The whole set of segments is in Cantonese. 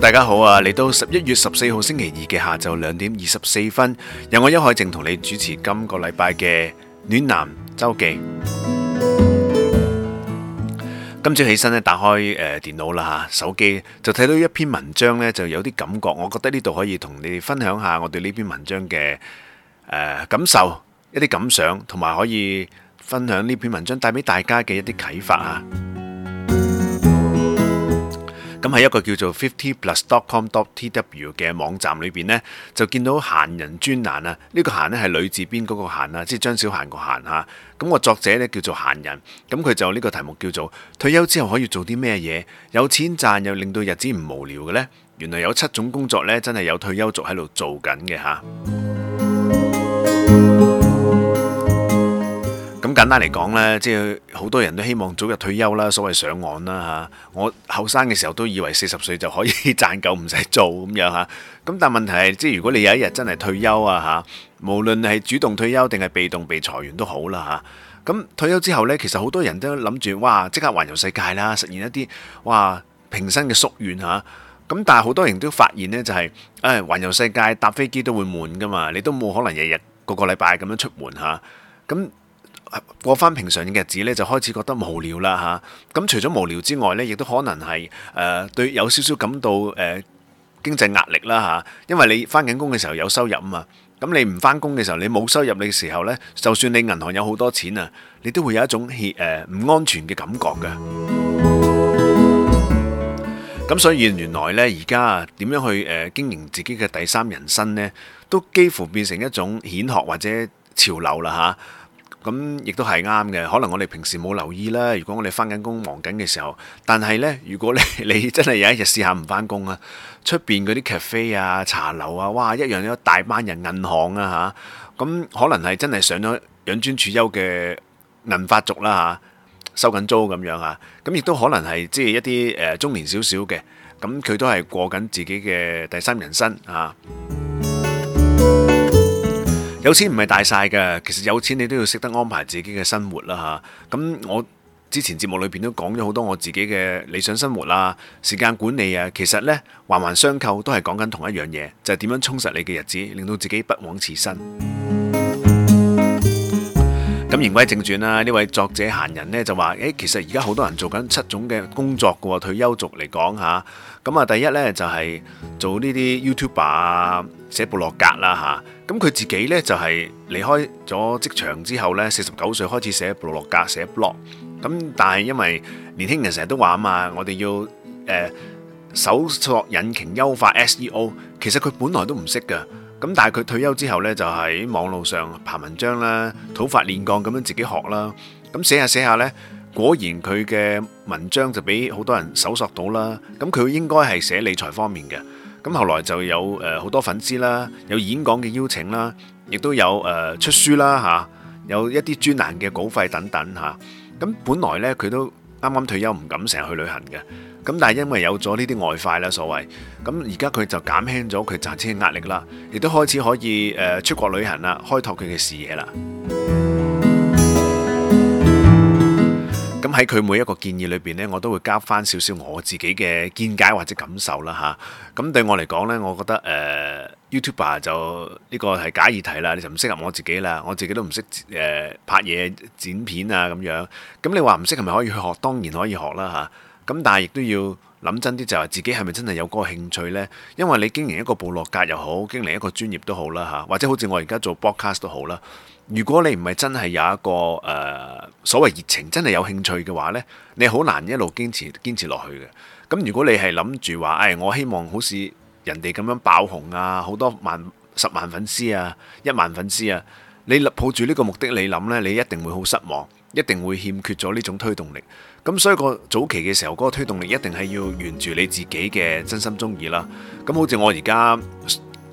大家好啊！嚟到十一月十四號星期二嘅下晝兩點二十四分，由我邱海靖同你主持今個禮拜嘅暖男周記。今朝起身呢，打開誒電腦啦吓，手機就睇到一篇文章呢，就有啲感覺。我覺得呢度可以同你分享下我對呢篇文章嘅誒感受，一啲感想，同埋可以分享呢篇文章帶俾大家嘅一啲啟發啊！咁喺一個叫做 fiftyplus.com.tw 嘅網站裏邊呢，就見到嫻人專欄啊！呢、呢個嫻呢係女字邊嗰個嫻啊，即係張小嫻個嫻嚇。咁、那個作者呢叫做嫻人，咁佢就呢個題目叫做退休之後可以做啲咩嘢？有錢賺又令到日子唔無聊嘅呢。原來有七種工作呢，真係有退休族喺度做緊嘅嚇。咁簡單嚟講咧，即係好多人都希望早日退休啦，所謂上岸啦嚇。我後生嘅時候都以為四十歲就可以賺夠唔使做咁樣嚇。咁但係問題係，即係如果你有一日真係退休啊嚇，無論係主動退休定係被動被裁員都好啦嚇。咁退休之後咧，其實好多人都諗住哇，即刻環遊世界啦，實現一啲哇平生嘅夙願嚇。咁但係好多人都發現呢，就係誒環遊世界搭飛機都會悶噶嘛，你都冇可能日日個個禮拜咁樣出門嚇咁。過返平常嘅日子咧，就開始覺得無聊啦吓。咁除咗無聊之外咧，亦都可能係誒，對有少少感到誒經濟壓力啦吓。因為你返緊工嘅時候有收入啊嘛，咁你唔返工嘅時候，你冇收入，你嘅時候咧，就算你銀行有好多錢啊，你都會有一種怯誒唔安全嘅感覺㗎。咁所以原來咧，而家點樣去誒經營自己嘅第三人生咧，都幾乎變成一種顯學或者潮流啦吓。咁亦都係啱嘅，可能我哋平時冇留意啦。如果我哋翻緊工忙緊嘅時候，但係呢，如果你你真係有一日試下唔翻工啊，出邊嗰啲 cafe 啊、茶樓啊，哇，一樣有大班人銀行啊嚇，咁可能係真係上咗養尊處優嘅銀發族啦嚇，收緊租咁樣嚇，咁亦都可能係即係一啲誒中年少少嘅，咁佢都係過緊自己嘅第三人生嚇。有錢唔係大晒嘅，其實有錢你都要識得安排自己嘅生活啦吓。咁、啊、我之前節目裏邊都講咗好多我自己嘅理想生活啦，時間管理啊，其實呢，環環相扣都係講緊同一樣嘢，就係、是、點樣充實你嘅日子，令到自己不枉此生。咁言歸正傳啦，呢位作者嫻人呢就話：誒，其實而家好多人在做緊七種嘅工作噶，退休族嚟講吓。咁啊，第一呢，就係、是、做呢啲 YouTuber 啊。寫部落格啦吓，咁佢自己呢就係離開咗職場之後呢，四十九歲開始寫部落格寫 blog，咁但係因為年輕人成日都話啊嘛，我哋要誒搜索引擎優化 SEO，其實佢本來都唔識㗎，咁但係佢退休之後呢就喺網路上爬文章啦，土法煉鋼咁樣自己學啦，咁寫下寫下呢，果然佢嘅文章就俾好多人搜索到啦，咁佢應該係寫理財方面嘅。咁後來就有誒好多粉絲啦，有演講嘅邀請啦，亦都有誒出書啦嚇，有一啲專欄嘅稿費等等嚇。咁本來呢佢都啱啱退休，唔敢成日去旅行嘅。咁但係因為有咗呢啲外快啦，所謂。咁而家佢就減輕咗佢賺錢嘅壓力啦，亦都開始可以誒出國旅行啦，開拓佢嘅視野啦。喺佢每一個建議裏邊咧，我都會加翻少少我自己嘅見解或者感受啦嚇。咁對我嚟講咧，我覺得誒 YouTuber 就呢個係假議題啦，你就唔適合我自己啦。我自己都唔識誒拍嘢剪片啊咁樣。咁你話唔識係咪可以去學？當然可以學啦嚇。咁但係亦都要諗真啲，就係自己係咪真係有嗰個興趣咧？因為你經營一個部落格又好，經營一個專業都好啦嚇，或者好似我而家做 broadcast 都好啦。如果你唔係真係有一個誒、呃、所謂熱情，真係有興趣嘅話呢，你好難一路堅持堅持落去嘅。咁如果你係諗住話，誒、哎、我希望好似人哋咁樣爆紅啊，好多萬十萬粉絲啊，一萬粉絲啊，你抱住呢個目的，你諗呢，你一定會好失望，一定會欠缺咗呢種推動力。咁所以個早期嘅時候，嗰、那個推動力一定係要沿住你自己嘅真心中意啦。咁好似我而家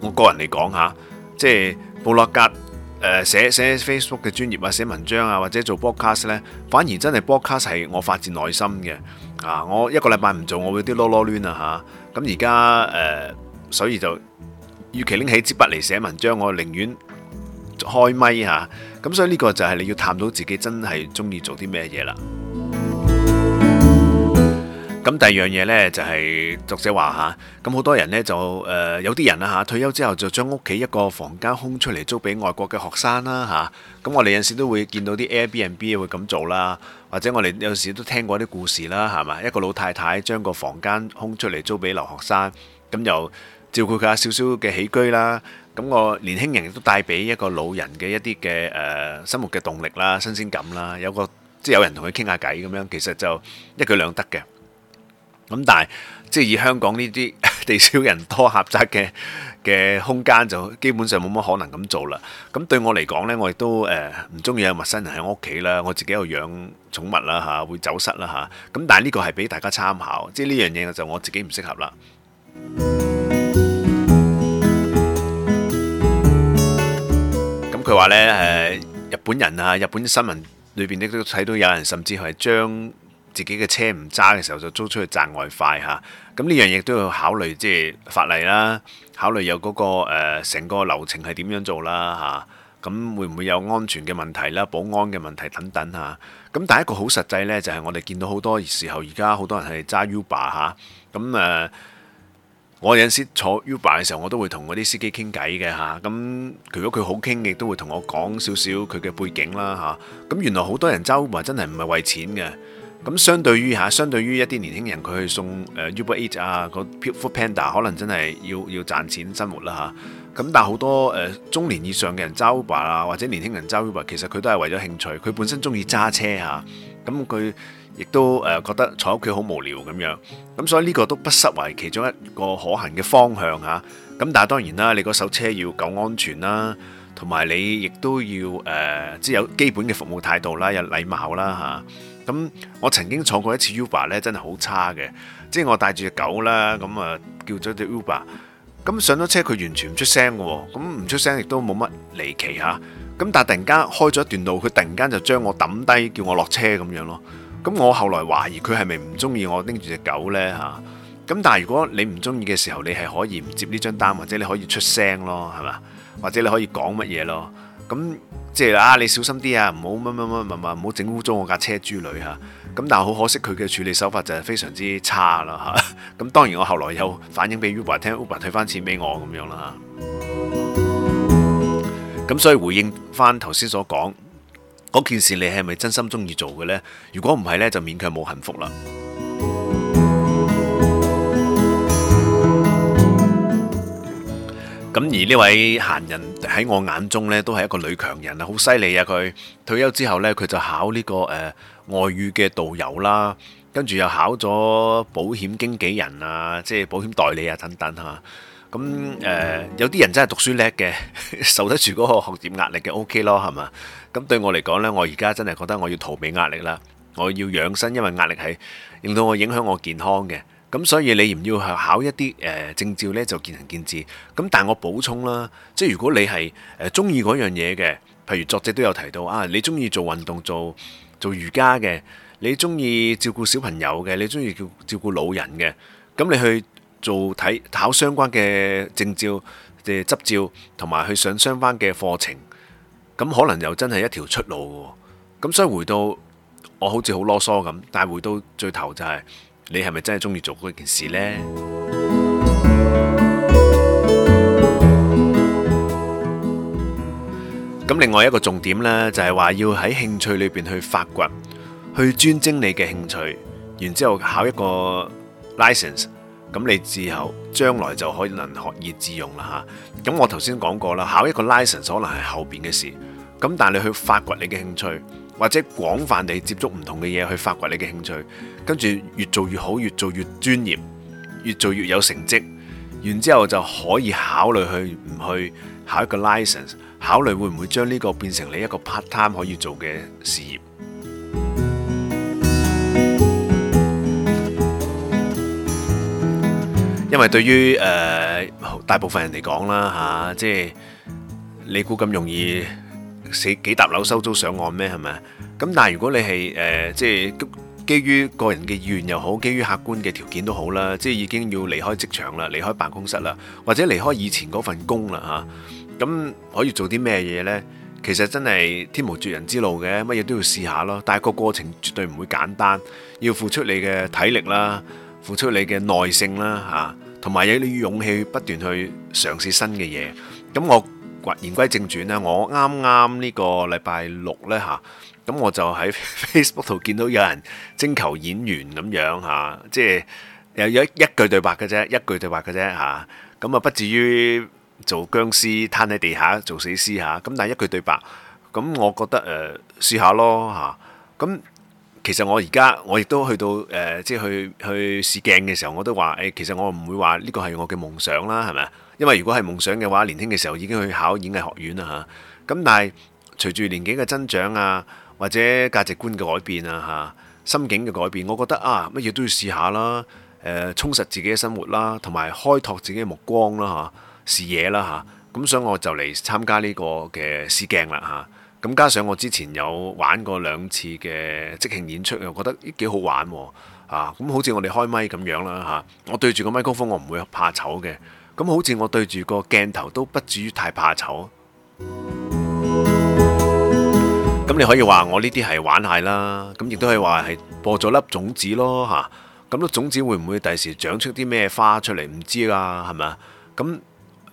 我個人嚟講嚇，即、就、係、是、布洛格。誒、呃、寫寫 Facebook 嘅專頁啊，寫文章啊，或者做 Podcast 咧，反而真係 Podcast 係我發自內心嘅啊！我一個禮拜唔做，我會啲囉囉攣啊嚇！咁而家誒，所以就與其拎起支筆嚟寫文章，我寧願開咪嚇。咁、啊、所以呢個就係你要探討自己真係中意做啲咩嘢啦。咁第二樣嘢呢就係作者話嚇，咁好多人呢就誒有啲人啦嚇，退休之後就將屋企一個房間空出嚟租俾外國嘅學生啦嚇。咁我哋有時都會見到啲 Airbnb 會咁做啦，或者我哋有時都聽過啲故事啦，係嘛，一個老太太將個房間空出嚟租俾留學生，咁又照顧佢下少少嘅起居啦。咁我年輕人亦都帶俾一個老人嘅一啲嘅誒生活嘅動力啦、新鮮感啦，有個即係有人同佢傾下偈咁樣，其實就一舉兩得嘅。咁但係即係以香港呢啲地少人多狹窄嘅嘅空間，就基本上冇乜可能咁做啦。咁對我嚟講呢，我亦都誒唔中意有陌生人喺屋企啦。我自己又養寵物啦，吓會走失啦，吓。咁但係呢個係俾大家參考，即係呢樣嘢就我自己唔適合啦。咁佢話呢誒，日本人啊，日本新聞裏邊呢都睇到有人甚至係將。自己嘅車唔揸嘅時候，就租出去賺外快嚇。咁呢樣嘢都要考慮，即係法例啦，考慮有嗰個、呃、成個流程係點樣做啦嚇。咁、啊、會唔會有安全嘅問題啦、保安嘅問題等等嚇。咁、啊、第一個好實際呢，就係我哋見到好多時候，而家好多人係揸 Uber 嚇。咁誒，我有陣時坐 Uber 嘅時候，我都會同嗰啲司機傾偈嘅嚇。咁如果佢好傾，亦都會同我講少少佢嘅背景啦嚇。咁、啊啊、原來好多人揸 Uber 真係唔係為錢嘅。咁相對於嚇，相對於一啲年輕人佢去送誒 Uber Eat 啊，個 Food Panda 可能真係要要賺錢生活啦嚇。咁但係好多誒中年以上嘅人揸 Uber 啊，或者年輕人揸 Uber，其實佢都係為咗興趣，佢本身中意揸車嚇。咁佢亦都誒覺得坐屋企好無聊咁樣。咁所以呢個都不失為其中一個可行嘅方向嚇。咁但係當然啦，你嗰手車要夠安全啦，同埋你亦都要誒，即係有基本嘅服務態度啦，有禮貌啦嚇。咁我曾經坐過一次 Uber 咧，真係好差嘅。即係我帶住隻狗啦，咁啊叫咗隻 Uber，咁上咗車佢完全唔出聲嘅喎，咁唔出聲亦都冇乜離奇吓。咁但係突然間開咗一段路，佢突然間就將我揼低，叫我落車咁樣咯。咁我後來懷疑佢係咪唔中意我拎住隻狗呢？吓。咁但係如果你唔中意嘅時候，你係可以唔接呢張單，或者你可以出聲咯，係嘛？或者你可以講乜嘢咯。咁。即係啊，你小心啲啊，唔好乜乜乜乜乜唔好整污糟我架車豬女哈。咁但係好可惜，佢嘅處理手法就係非常之差啦哈。咁當然我後來又反映俾 Uber 聽，Uber 退翻錢俾我咁樣啦。咁所以回應翻頭先所講嗰件事，你係咪真心中意做嘅呢？如果唔係呢，就勉強冇幸福啦。咁而呢位嫻人喺我眼中呢都係一個女強人啊，好犀利啊！佢退休之後呢，佢就考呢、這個誒、呃、外語嘅導遊啦，跟住又考咗保險經紀人啊，即係保險代理啊等等吓。咁、啊、誒、嗯呃，有啲人真係讀書叻嘅，受得住嗰個學業壓力嘅，OK 咯，係嘛？咁對我嚟講呢，我而家真係覺得我要逃避壓力啦，我要養生，因為壓力係令到我影響我健康嘅。咁所以你唔要去考一啲誒證照咧，就見仁見智。咁但係我補充啦，即係如果你係誒中意嗰樣嘢嘅，譬如作者都有提到啊，你中意做運動、做做瑜伽嘅，你中意照顧小朋友嘅，你中意照顧老人嘅，咁你去做睇考相關嘅證照嘅執照，同埋去上相關嘅課程，咁可能又真係一條出路嘅。咁所以回到我好似好囉嗦咁，但係回到最頭就係。你係咪真係中意做嗰件事呢？咁另外一個重點呢，就係話要喺興趣裏邊去發掘，去專精你嘅興趣，然之後考一個 license，咁你之後將來就可以能學以致用啦吓。咁我頭先講過啦，考一個 license 可能係後邊嘅事，咁但係你去發掘你嘅興趣。或者廣泛地接觸唔同嘅嘢，去發掘你嘅興趣，跟住越做越好，越做越專業，越做越有成績。然之後就可以考慮去唔去考一個 license，考慮會唔會將呢個變成你一個 part time 可以做嘅事業。因為對於誒、呃、大部分人嚟講啦，嚇、啊，即係你估咁容易？死幾沓樓收租上岸咩？係咪啊？咁但係如果你係誒、呃，即係基於個人嘅意願又好，基於客觀嘅條件都好啦，即係已經要離開職場啦，離開辦公室啦，或者離開以前嗰份工啦嚇，咁、啊、可以做啲咩嘢呢？其實真係天無絕人之路嘅，乜嘢都要試下咯。但係個過程絕對唔會簡單，要付出你嘅體力啦，付出你嘅耐性啦嚇，同、啊、埋有啲勇氣不斷去嘗試新嘅嘢。咁我。言歸正傳啦，我啱啱呢個禮拜六呢。嚇，咁我就喺 Facebook 度見到有人徵求演員咁樣嚇，即係又有一句對白嘅啫，一句對白嘅啫嚇，咁啊不至於做僵屍，攤喺地下做死屍。嚇，咁但係一句對白，咁我覺得誒、呃、試下咯嚇，咁其實我而家我亦都去到誒、呃、即係去去試鏡嘅時候，我都話誒，其實我唔會話呢個係我嘅夢想啦，係咪啊？因為如果係夢想嘅話，年輕嘅時候已經去考演藝學院啦吓，咁但係隨住年紀嘅增長啊，或者價值觀嘅改變啊嚇，心境嘅改變，我覺得啊，乜嘢都要試下啦。充實自己嘅生活啦，同埋開拓自己嘅目光啦吓，視野啦吓，咁所以我就嚟參加呢個嘅試鏡啦吓，咁加上我之前有玩過兩次嘅即興演出，我覺得幾好玩喎啊。咁好似我哋開咪咁樣啦吓，我對住個麥克風我不，我唔會怕醜嘅。咁好似我對住個鏡頭都不至於太怕醜，咁你可以話我呢啲係玩下啦，咁亦都可以話係播咗粒種子咯嚇，咁粒種子會唔會第時長出啲咩花出嚟唔知啦，係咪啊？咁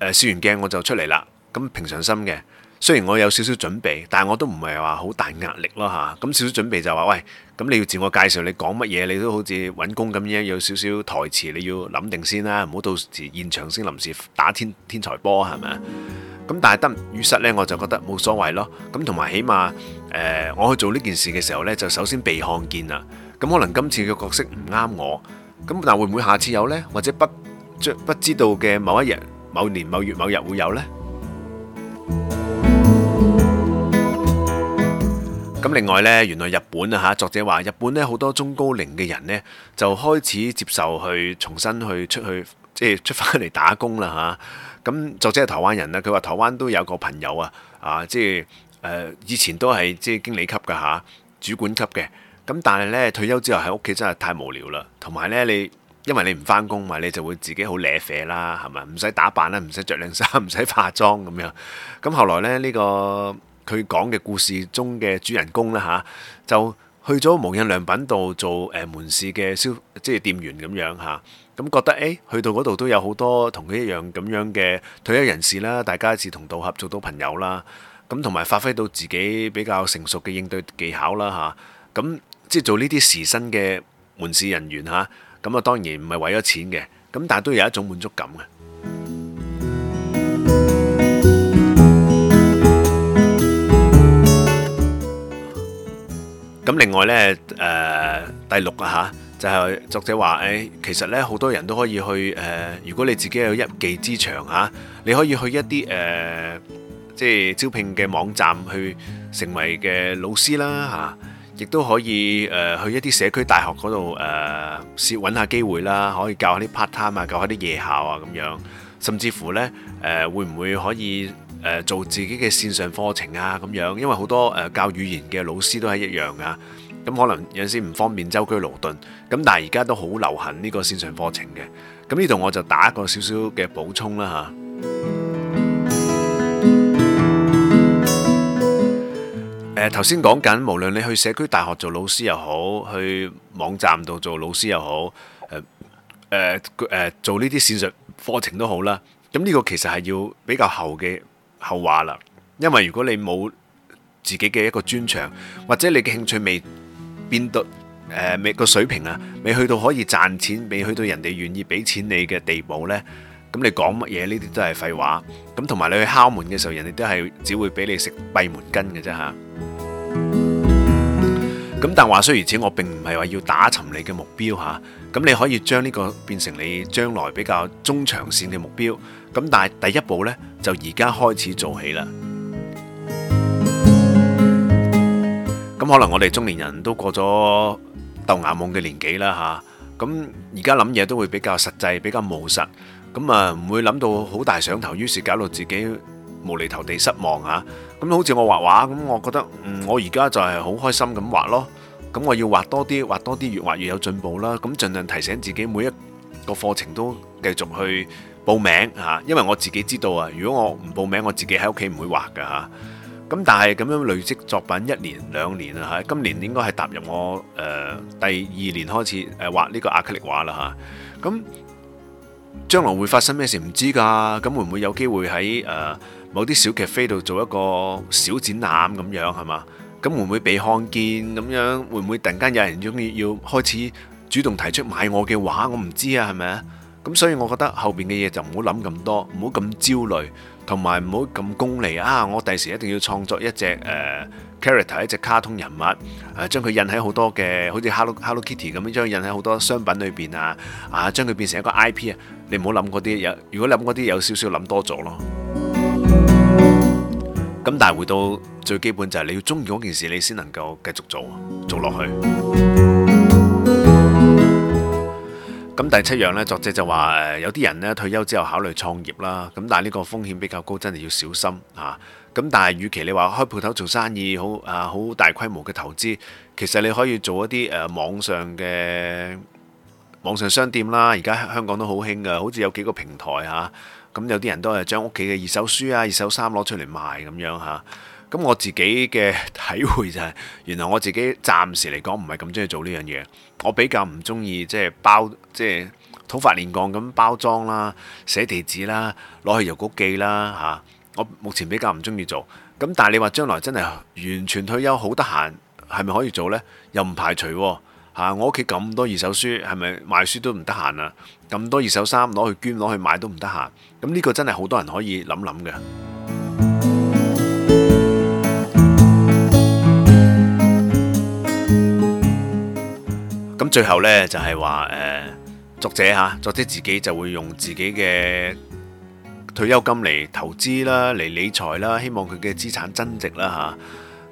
誒，試完鏡我就出嚟啦，咁平常心嘅。雖然我有少少準備，但係我都唔係話好大壓力咯嚇。咁少少準備就話喂，咁你要自我介紹，你講乜嘢你都好似揾工咁樣，有少少台詞你要諗定先啦，唔好到時現場先臨時打天天才波，係咪啊？咁但係得與失咧我就覺得冇所謂咯。咁同埋起碼誒，我去做呢件事嘅時候咧，就首先被看見啦。咁可能今次嘅角色唔啱我，咁但係會唔會下次有咧？或者不將不知道嘅某一日、某年、某月、某日會有咧？咁另外呢，原來日本啊嚇，作者話日本呢好多中高齡嘅人呢，就開始接受去重新去出去，即係出返嚟打工啦嚇。咁作者係台灣人啦，佢話台灣都有個朋友啊，啊即係以前都係即係經理級嘅嚇，主管級嘅。咁但係呢退休之後喺屋企真係太無聊啦，同埋呢，你因為你唔返工嘛，你就會自己好頹廢啦，係咪？唔使打扮啦，唔使着靚衫，唔使化妝咁樣。咁後來呢，呢個。佢講嘅故事中嘅主人公啦嚇，就去咗無印良品度做誒門市嘅銷即係店員咁樣嚇，咁覺得誒去到嗰度都有好多同佢一樣咁樣嘅退休人士啦，大家志同道合做到朋友啦，咁同埋發揮到自己比較成熟嘅應對技巧啦嚇，咁即係做呢啲時薪嘅門市人員嚇，咁啊當然唔係為咗錢嘅，咁但係都有一種滿足感嘅。咁另外呢，誒、呃、第六啊吓，就係、是、作者話，誒、哎、其實呢，好多人都可以去誒、呃，如果你自己有一技之長吓、啊，你可以去一啲誒，即、呃、係、就是、招聘嘅網站去成為嘅老師啦吓，亦、啊、都可以誒、呃、去一啲社區大學嗰度誒，試、呃、揾下機會啦，可以教下啲 part time 啊，教下啲夜校啊咁樣，甚至乎呢，誒、呃、會唔會可以？誒做自己嘅線上課程啊，咁樣，因為好多誒教語言嘅老師都係一樣噶，咁可能有陣時唔方便舟車勞頓，咁但係而家都好流行呢個線上課程嘅，咁呢度我就打一個少少嘅補充啦嚇。誒頭先講緊，無論你去社區大學做老師又好，去網站度做老師又好，誒誒誒做呢啲線上課程都好啦，咁呢個其實係要比較後嘅。後話啦，因為如果你冇自己嘅一個專長，或者你嘅興趣未變到誒，未、呃、個水平啊，未去到可以賺錢，未去到人哋願意俾錢你嘅地步呢，咁你講乜嘢呢啲都係廢話。咁同埋你去敲門嘅時候，人哋都係只會俾你食閉門羹嘅啫吓。咁但係話雖如此，我並唔係話要打沉你嘅目標吓，咁你可以將呢個變成你將來比較中長線嘅目標。咁但係第一步呢，就而家開始做起啦。咁可能我哋中年人都過咗豆芽夢嘅年紀啦吓，咁而家諗嘢都會比較實際，比較務實，咁啊唔會諗到好大想頭，於是搞到自己無厘頭地失望啊！咁好似我畫畫咁，我覺得嗯，我而家就係好開心咁畫咯。咁我要畫多啲，畫多啲，越畫越有進步啦。咁盡量提醒自己，每一個課程都繼續去報名嚇，因為我自己知道啊。如果我唔報名，我自己喺屋企唔會畫噶嚇。咁但係咁樣累積作品一年兩年啊嚇，今年應該係踏入我誒、呃、第二年開始誒、呃、畫呢個阿克力畫啦嚇。咁、啊、將來會發生咩事唔知㗎，咁會唔會有機會喺誒？呃某啲小劇飛度做一個小展覽咁樣係嘛？咁會唔會被看見咁樣？會唔會突然間有人中意要開始主動提出買我嘅畫？我唔知啊，係咪啊？咁所以我覺得後邊嘅嘢就唔好諗咁多，唔好咁焦慮，同埋唔好咁功利啊！我第時一定要創作一隻誒、呃、character，一隻卡通人物誒，將、啊、佢印喺好多嘅好似 Hello Hello Kitty 咁樣，將佢印喺好多商品裏邊啊啊！將、啊、佢變成一個 IP 啊，你唔好諗嗰啲嘢，如果諗嗰啲嘢有少少諗多咗咯。咁但係回到最基本就係你要中意嗰件事，你先能夠繼續做做落去。咁第七樣呢，作者就話有啲人呢，退休之後考慮創業啦，咁但係呢個風險比較高，真係要小心吓。咁但係與其你話開鋪頭做生意好啊，好大規模嘅投資，其實你可以做一啲誒網上嘅網上商店啦。而家香港都好興噶，好似有幾個平台吓。咁有啲人都係將屋企嘅二手書啊、二手衫攞出嚟賣咁樣嚇。咁我自己嘅體會就係，原來我自己暫時嚟講唔係咁中意做呢樣嘢。我比較唔中意即係包即係土法煉鋼咁包裝啦、寫地址啦、攞去郵局寄啦嚇。我目前比較唔中意做。咁但係你話將來真係完全退休好得閒，係咪可以做呢？又唔排除。啊、我屋企咁多二手書，係咪賣書都唔得閒啊？咁多二手衫攞去捐，攞去買都唔得閒。咁呢個真係好多人可以諗諗嘅。咁 最後呢，就係話誒作者嚇，作者自己就會用自己嘅退休金嚟投資啦，嚟理財啦，希望佢嘅資產增值啦嚇。啊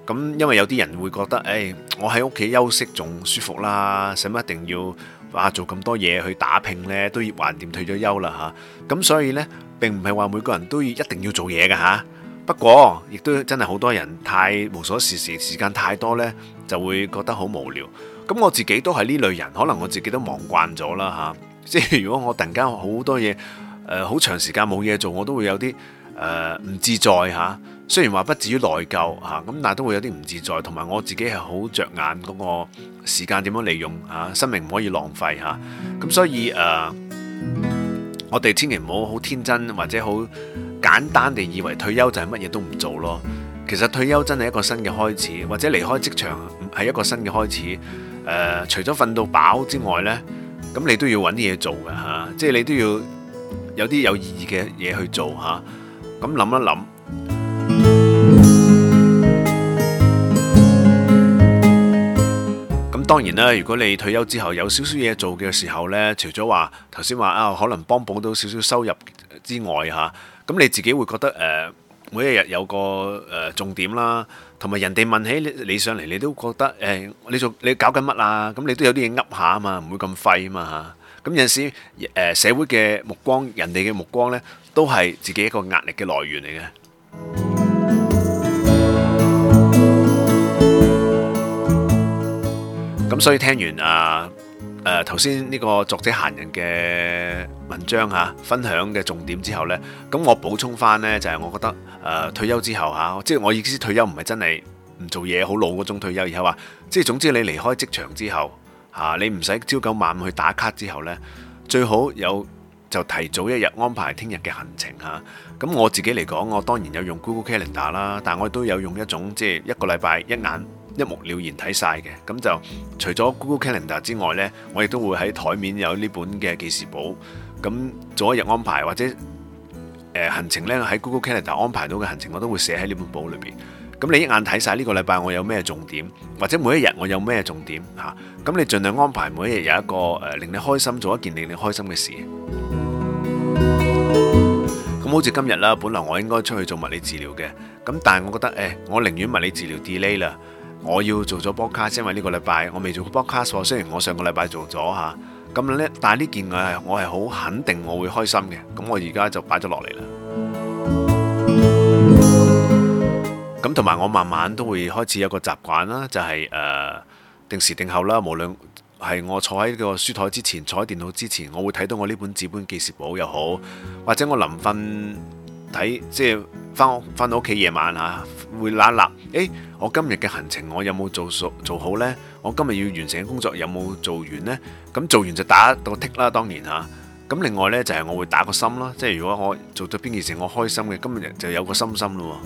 咁，因為有啲人會覺得，誒，我喺屋企休息仲舒服啦，使乜一定要啊做咁多嘢去打拼呢？都橫掂退咗休啦嚇。咁所以呢，並唔係話每個人都一定要做嘢嘅嚇。不過，亦都真係好多人太無所事事，時間太多呢，就會覺得好無聊。咁我自己都係呢類人，可能我自己都忙慣咗啦嚇。即係如果我突然間好多嘢，誒，好長時間冇嘢做，我都會有啲誒唔自在嚇。雖然話不至於內疚吓，咁但係都會有啲唔自在，同埋我自己係好着眼嗰個時間點樣利用吓，生命唔可以浪費吓。咁所以誒、呃，我哋千祈唔好好天真或者好簡單地以為退休就係乜嘢都唔做咯。其實退休真係一個新嘅開始，或者離開職場係一個新嘅開始。誒、呃，除咗瞓到飽之外呢，咁你都要揾啲嘢做嘅吓，即係你都要有啲有意義嘅嘢去做吓。咁諗一諗。當然啦，如果你退休之後有少少嘢做嘅時候呢，除咗話頭先話啊，可能幫補到少少收入之外吓，咁你自己會覺得誒、呃，每一日有個、呃、重點啦，同埋人哋問起你上嚟，你都覺得、呃、你做你搞緊乜啊？咁你都有啲嘢噏下啊嘛，唔會咁廢啊嘛。咁有陣時誒、呃、社會嘅目光，人哋嘅目光呢，都係自己一個壓力嘅來源嚟嘅。咁所以聽完啊，誒頭先呢個作者閒人嘅文章吓、啊、分享嘅重點之後呢，咁我補充翻呢，就係、是、我覺得誒、啊、退休之後吓、啊，即係我意思退休唔係真係唔做嘢好老嗰種退休，而係話即係總之你離開職場之後吓、啊，你唔使朝九晚五去打卡之後呢，最好有就提早一日安排聽日嘅行程吓。咁、啊、我自己嚟講，我當然有用 Google Calendar 啦，但我也都有用一種即係一個禮拜一眼。一目了然睇曬嘅。咁就除咗 Google Calendar 之外咧，我亦都會喺台面有呢本嘅記事簿。咁做一日安排或者誒行程咧，喺 Google Calendar 安排到嘅行程，我都會寫喺呢本簿裏邊。咁你一眼睇曬呢個禮拜我有咩重點，或者每一日我有咩重點嚇。咁你盡量安排每一日有一個誒令你開心，做一件令你開心嘅事。咁好似今日啦，本來我應該出去做物理治療嘅，咁但係我覺得誒，我寧願物理治療 delay 啦。我要做咗 broadcast，因為呢個禮拜我未做 broadcast，雖然我上個禮拜做咗吓，咁咧，但係呢件我係，我係好肯定我會開心嘅，咁我而家就擺咗落嚟啦。咁同埋我慢慢都會開始有個習慣啦，就係、是、誒、呃、定時定候啦，無論係我坐喺個書台之前，坐喺電腦之前，我會睇到我呢本紙本記事簿又好，或者我臨瞓。睇，即係翻屋，翻到屋企，夜晚嚇，會攬攬，誒，我今日嘅行程我有冇做熟做好呢？我今日要完成嘅工作有冇做完呢？咁做完就打個剔啦，當然嚇。咁另外呢，就係我會打個心啦，即係如果我做咗邊件事我開心嘅，今日就有個心心咯。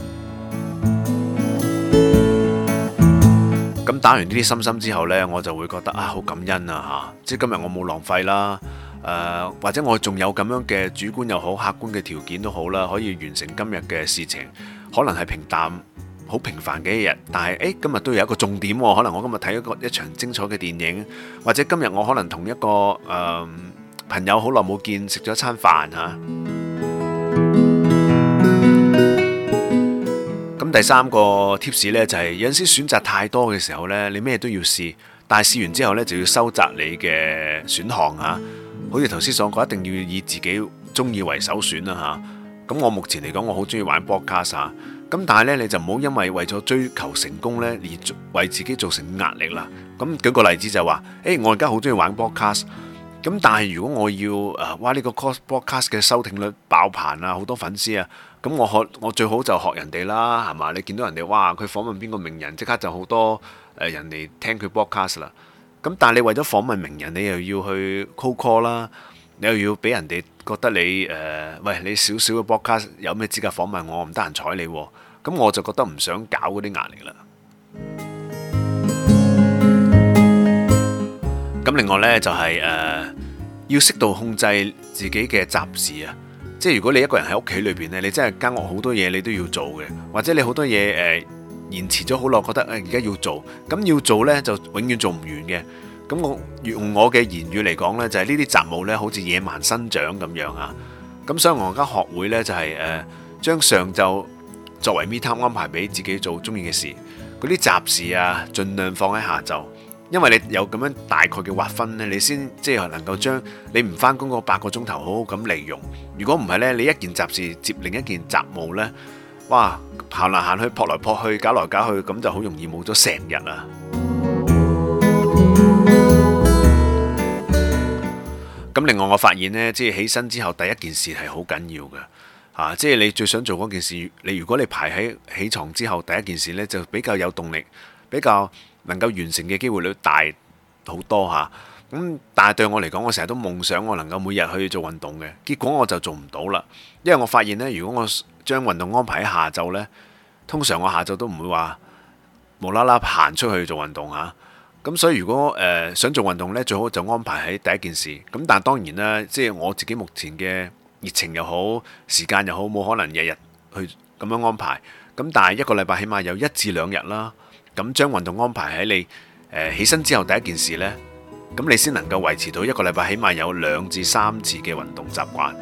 咁打完呢啲心心之後呢，我就會覺得啊，好感恩啊嚇，即係今日我冇浪費啦。誒、呃，或者我仲有咁樣嘅主觀又好，客觀嘅條件都好啦，可以完成今日嘅事情。可能係平淡、好平凡嘅一日，但係誒、欸，今日都有一個重點。可能我今日睇一個一場精彩嘅電影，或者今日我可能同一個誒、呃、朋友好耐冇見，食咗一餐飯吓。咁第三個 tips 呢就係、是、有陣時選擇太多嘅時候呢，你咩都要試，但係試完之後呢，就要收窄你嘅選項吓。好似頭先所講，一定要以自己中意為首選啦嚇。咁、啊、我目前嚟講，我好中意玩 podcast、啊。咁但係咧，你就唔好因為為咗追求成功咧，而為自己造成壓力啦。咁、啊、舉個例子就話，誒、欸、我而家好中意玩 podcast、啊。咁但係如果我要誒、啊、哇呢、這個 Cos podcast 嘅收聽率爆棚啊，好多粉絲啊，咁我學我最好就學人哋啦，係嘛？你見到人哋哇佢訪問邊個名人，即刻就好多誒人哋聽佢 podcast 啦。咁但係你為咗訪問名人，你又要去 call call 啦，你又要俾人哋覺得你誒、呃，喂，你少少嘅博客有咩資格訪問我？唔得閒睬你，咁我就覺得唔想搞嗰啲壓力啦。咁 另外呢，就係、是、誒、呃，要適度控制自己嘅雜事啊。即係如果你一個人喺屋企裏邊咧，你真係間屋好多嘢你都要做嘅，或者你好多嘢誒。呃延遲咗好耐，覺得誒而家要做，咁要做咧就永遠做唔完嘅。咁我用我嘅言語嚟講咧，就係呢啲雜務咧，好似野蠻生長咁樣啊。咁所以我而家學會咧，就係誒將上晝作為 me time 安排俾自己做鍾意嘅事，嗰啲雜事啊，儘量放喺下晝。因為你有咁樣大概嘅劃分咧，你先即係能夠將你唔返工嗰八個鐘頭好好咁利用。如果唔係咧，你一件雜事接另一件雜務咧。哇！行嚟行去，撲嚟撲去，搞嚟搞去，咁就好容易冇咗成日啊！咁另外，我發現呢，即係起身之後第一件事係好緊要嘅嚇，即係你最想做嗰件事，你如果你排喺起床之後第一件事呢，就比較有動力，比較能夠完成嘅機會率大好多嚇。咁但係對我嚟講，我成日都夢想我能夠每日去做運動嘅，結果我就做唔到啦。因為我發現呢，如果我將運動安排喺下晝呢，通常我下晝都唔會話無啦啦行出去做運動嚇。咁所以如果誒想做運動呢，最好就安排喺第一件事。咁但係當然啦，即係我自己目前嘅熱情又好，時間又好，冇可能日日去咁樣安排。咁但係一個禮拜起碼有一至兩日啦，咁將運動安排喺你起身之後第一件事呢。咁你先能夠維持到一個禮拜，起碼有兩至三次嘅運動習慣。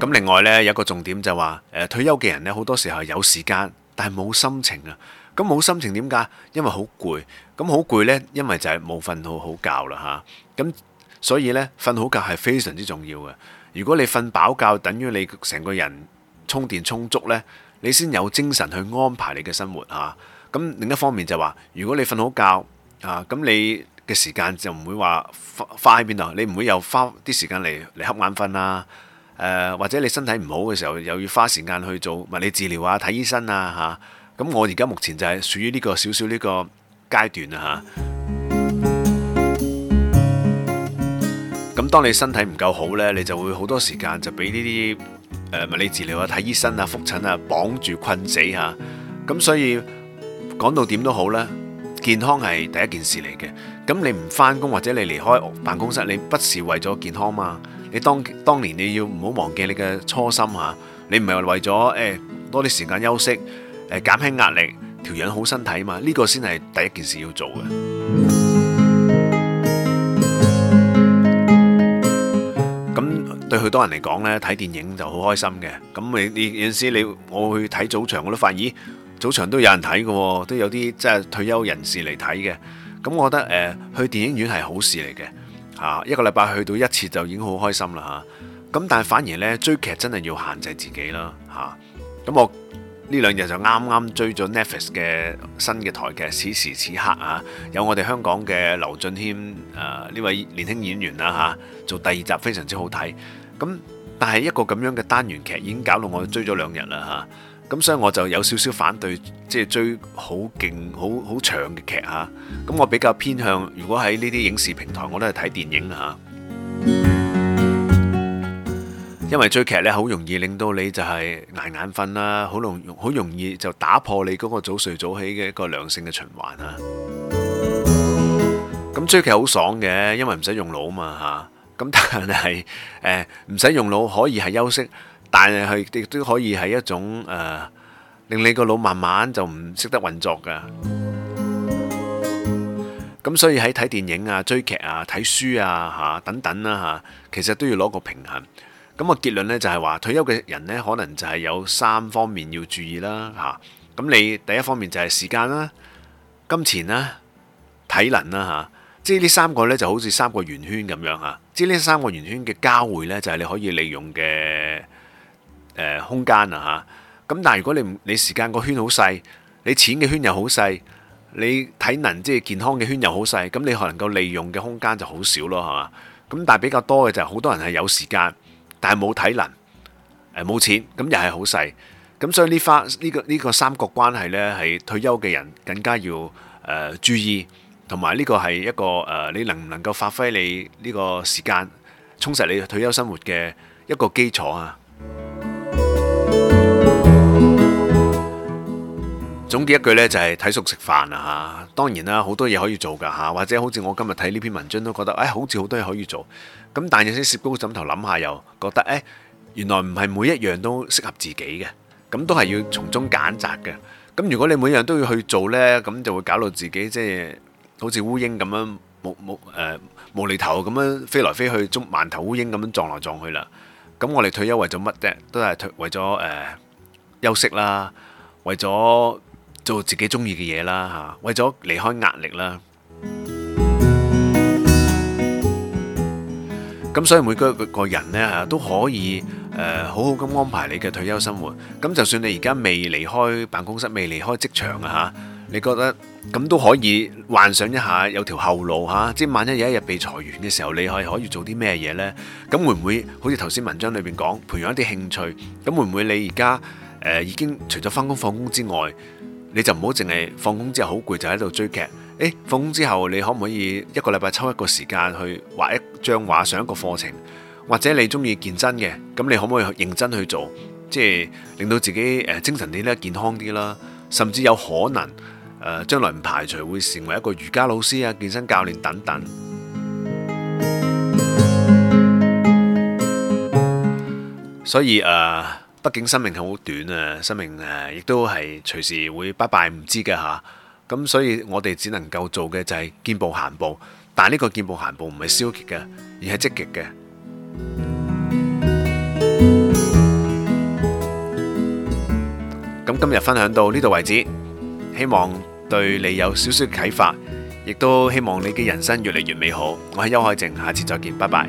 咁另外咧，有一個重點就話，誒，退休嘅人咧，好多時候係有時間，但係冇心情啊。咁冇心情點解？因為好攰。咁好攰咧，因為就係冇瞓好好覺啦吓。咁所以咧，瞓好覺係非常之重要嘅。如果你瞓飽覺，等於你成個人充電充足咧，你先有精神去安排你嘅生活嚇，咁、啊、另一方面就話，如果你瞓好覺啊，咁你嘅時間就唔會話花喺邊度，你唔會有花啲時間嚟嚟瞌眼瞓啊，或者你身體唔好嘅時候，又要花時間去做物理治療啊、睇醫生啊嚇，咁、啊、我而家目前就係屬於呢個少少呢個階段啊嚇。咁當你身體唔夠好呢，你就會好多時間就俾呢啲。物理治療啊，睇醫生啊，復診啊，綁住困死嚇，咁、啊、所以講到點都好啦。健康係第一件事嚟嘅。咁你唔翻工或者你離開辦公室，你不是為咗健康嘛？你當當年你要唔好忘記你嘅初心嚇、啊，你唔係為咗誒、哎、多啲時間休息，誒、哎、減輕壓力，調養好身體嘛，呢、這個先係第一件事要做嘅。對好多人嚟講咧，睇電影就好開心嘅，咁你有陣時你我去睇早場我都發現，咦，早場都有人睇嘅，都有啲即係退休人士嚟睇嘅，咁我覺得誒、呃、去電影院係好事嚟嘅，吓、啊、一個禮拜去到一次就已經好開心啦吓，咁、啊、但係反而呢追劇真係要限制自己啦吓，咁、啊、我呢兩日就啱啱追咗 Netflix 嘅新嘅台劇《此時此刻》啊，有我哋香港嘅劉俊謙誒呢位年輕演員啦吓、啊，做第二集非常之好睇。咁，但係一個咁樣嘅單元劇已經搞到我追咗兩日啦吓，咁所以我就有少少反對，即係追好勁、好好長嘅劇吓。咁我比較偏向，如果喺呢啲影視平台，我都係睇電影啦吓。因為追劇呢，好容易令到你就係挨眼瞓啦，好容好容易就打破你嗰個早睡早起嘅一個良性嘅循環啊。咁追劇好爽嘅，因為唔使用腦啊嘛吓。咁但係誒唔使用腦可以係休息，但係係亦都可以係一種誒、呃、令你個腦慢慢就唔識得運作嘅。咁 所以喺睇電影啊、追劇啊、睇書啊、嚇等等啦、啊、嚇，其實都要攞個平衡。咁、個結論呢就係話退休嘅人呢可能就係有三方面要注意啦、啊、嚇。咁你第一方面就係時間啦、啊、金錢啦、啊、體能啦、啊、嚇。即係呢三個呢，就好似三個圓圈咁樣吓。即係呢三個圓圈嘅交匯呢，就係你可以利用嘅誒空間啊吓。咁但係如果你唔你時間個圈好細，你錢嘅圈又好細，你體能即係健康嘅圈又好細，咁你可能夠利用嘅空間就好少咯，係嘛？咁但係比較多嘅就係好多人係有時間，但係冇體能，誒冇錢，咁又係好細。咁所以呢花呢個呢個三角關係呢，係退休嘅人更加要誒注意。同埋呢個係一個誒，你能唔能夠發揮你呢個時間充實你退休生活嘅一個基礎啊。總結一句咧，就係睇熟食飯啊嚇！當然啦，好多嘢可以做㗎嚇，或者好似我今日睇呢篇文章都覺得，誒，好似好多嘢可以做。咁但係有時攝高枕頭諗下，又覺得誒，原來唔係每一樣都適合自己嘅，咁都係要從中揀擇嘅。咁如果你每樣都要去做咧，咁就會搞到自己即係。好似烏蠅咁樣冇冇誒無厘頭咁樣飛來飛去，中饅頭烏蠅咁樣撞來撞去啦。咁我哋退休為咗乜啫？都係為咗誒休息啦，為咗做自己中意嘅嘢啦吓，為咗離開壓力啦。咁所以每個個個人呢吓都可以誒好好咁安排你嘅退休生活。咁就算你而家未離開辦公室，未離開職場啊吓。你覺得咁都可以幻想一下有條後路吓，即係萬一有一日被裁員嘅時候，你可以做啲咩嘢呢？咁會唔會好似頭先文章裏邊講，培養一啲興趣？咁會唔會你而家、呃、已經除咗返工放工之外，你就唔好淨係放工之後好攰就喺度追劇。誒、欸，放工之後你可唔可以一個禮拜抽一個時間去畫一張畫、上一個課程，或者你中意健身嘅，咁你可唔可以認真去做，即係令到自己誒精神啲啦、健康啲啦，甚至有可能。誒，將來唔排除會成為一個瑜伽老師啊、健身教練等等。所以誒，畢竟生命好短啊，生命誒亦都係隨時會拜拜，唔知嘅嚇。咁所以我哋只能夠做嘅就係見步行步，但係呢個見步行步唔係消極嘅，而係積極嘅。咁今日分享到呢度為止。希望對你有少少啟發，亦都希望你嘅人生越嚟越美好。我係邱海靖，下次再見，拜拜。